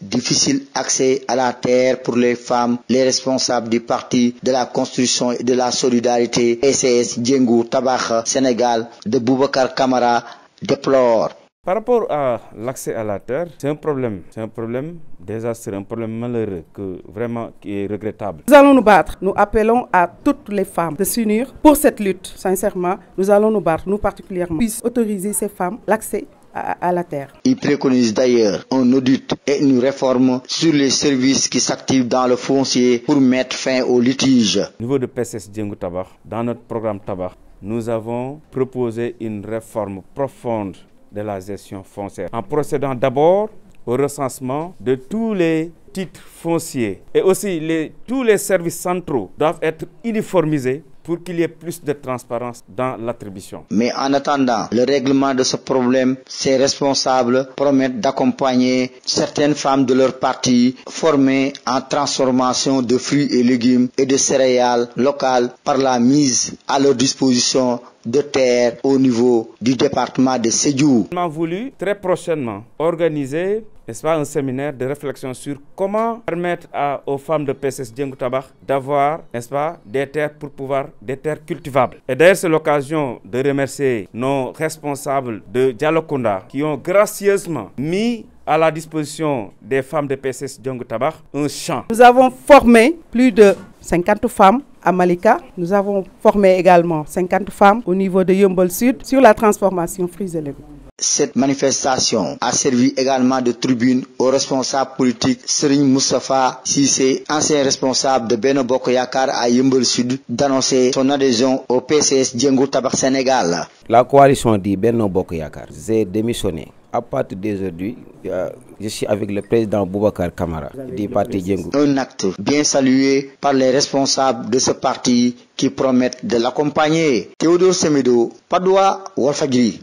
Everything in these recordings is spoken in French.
difficile accès à la terre pour les femmes, les responsables du parti de la construction et de la solidarité SS Djengou Tabaka Sénégal de Boubacar Kamara déplore. Par rapport à l'accès à la terre, c'est un problème, c'est un problème désastreux, un problème malheureux que vraiment qui est regrettable. Nous allons nous battre. Nous appelons à toutes les femmes de s'unir pour cette lutte. Sincèrement, nous allons nous battre, nous particulièrement, puisse autoriser ces femmes l'accès à, la terre. Il préconise d'ailleurs un audit et une réforme sur les services qui s'activent dans le foncier pour mettre fin aux litiges. Au niveau de PSS Djengou dans notre programme Tabar, nous avons proposé une réforme profonde de la gestion foncière en procédant d'abord au recensement de tous les titres fonciers et aussi tous les services centraux doivent être uniformisés pour qu'il y ait plus de transparence dans l'attribution. Mais en attendant le règlement de ce problème, ces responsables promettent d'accompagner certaines femmes de leur parti formées en transformation de fruits et légumes et de céréales locales par la mise à leur disposition de terres au niveau du département de Sédhiou. On a voulu très prochainement organiser n'est-ce pas, un séminaire de réflexion sur comment permettre aux femmes de PSS Tabakh d'avoir, n'est-ce pas, des terres pour pouvoir des terres cultivables. Et d'ailleurs, c'est l'occasion de remercier nos responsables de Dialokunda qui ont gracieusement mis à la disposition des femmes de PSS Djong Tabar un champ. Nous avons formé plus de 50 femmes à Malika. Nous avons formé également 50 femmes au niveau de Yombol Sud sur la transformation fruits et cette manifestation a servi également de tribune aux responsables politiques Serigne Moustapha Sissé, ancien responsable de Benoboko Yakar à Yeumbeul Sud, d'annoncer son adhésion au PCS Django Tabak Sénégal. La coalition dit Benno Bokk Yakar. j'ai démissionné. À partir d'aujourd'hui, euh, je suis avec le président Boubacar Camara du parti Djengou. Un acte bien salué par les responsables de ce parti qui promettent de l'accompagner. Théodore Semedo, Padoua, Walfagri.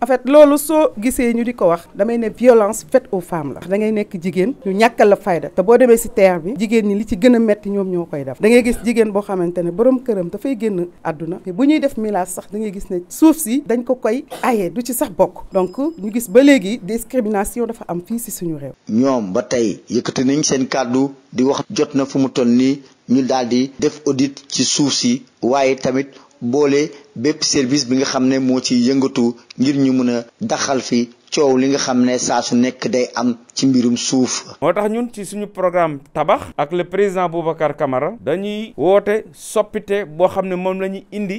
en fait loolu soo gisee ñu di ko wax damay ne violence faite aux femmes la da ngay nekk jigéen ñu ñàkkal la fayda te boo demee si terre bi jigéen ñi li ci gën a metti ñoom ñoo koy def dangay gis jigéen boo xamante ne borom këram dafay génn àdduna bu ñuy def milaas sax da ngay gis ne suuf si dañ ko koy aye du ci sax bokk donc ñu gis ba léegi discrimination dafa am fii si suñu réew ñoom ba tey yëkkati nañ seen kàddu di wax jot na fu mu toll nii ñu daal di def audit ci suuf si waaye tamit boole bépp service bi nga xam ne moo ci yëngatu ngir ñu mën a daxal fi coow li nga xam ne saa su nekk day am ci mbirum suuf. moo tax ñun ci suñu programme tabax. ak le président Boubacar kamara dañuy woote soppite boo xam ne moom la ñu indi.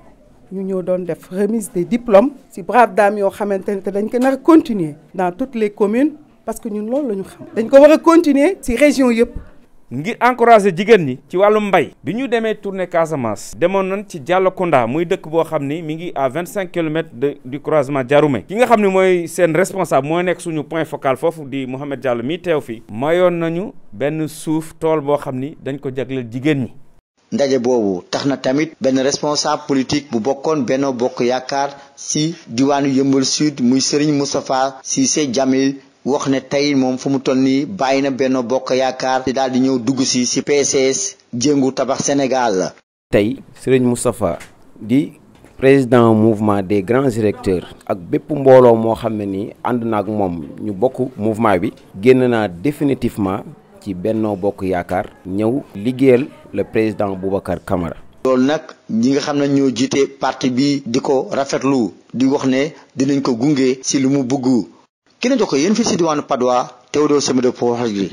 ñu ñëw doon def remise des diplômes ci brave dame yoo xamante ne dañ ko nar a continuer dans toutes les communes parce que ñun loolu la ñu xam dañ ko war a continuer ci région yëpp ngir encourager jigéen ñi ci wàllum mbay bi ñu demee tourner Casamance demoon nañ ci Dialokounda muy dëkk boo xam ni mi ngi à 25 km de du croisement Diaroumé ki nga xam ni mooy seen responsable mooy nekk suñu point focal foofu di mohamed Diallo mi teew fii mayoon nañu benn suuf tool boo xam ni dañ ko jagleel jigéen ñi ndaje boobu tax na tamit benn responsable politique bu bokkoon Benno Bokk Yaakaar ci diwaanu Yeumbeul Sud muy Serigne Moustapha Cissé Djamil wax ne tey moom fu mu toll nii bàyyi na Benno Bokk Yaakaar te daal di ñëw dugg si ci PCS jéngu tabax Sénégal. tey Serigne Moustapha di président mouvement des grands directeurs ak bépp mbooloo moo xam ne ni ànd na ak moom ñu bokk mouvement bi génn naa définitivement ci Benno Bokk Yaakaar ñëw liggéeyal. le président Boubacar kamara loolu nag ñi nga xam ne ñoo jiite parti bi di ko rafetlu di wax ne dinañ ko gunge si lu mu bëgg. keneen jox ko yéen fii si diwaanu Padoa Théodore Semedo gi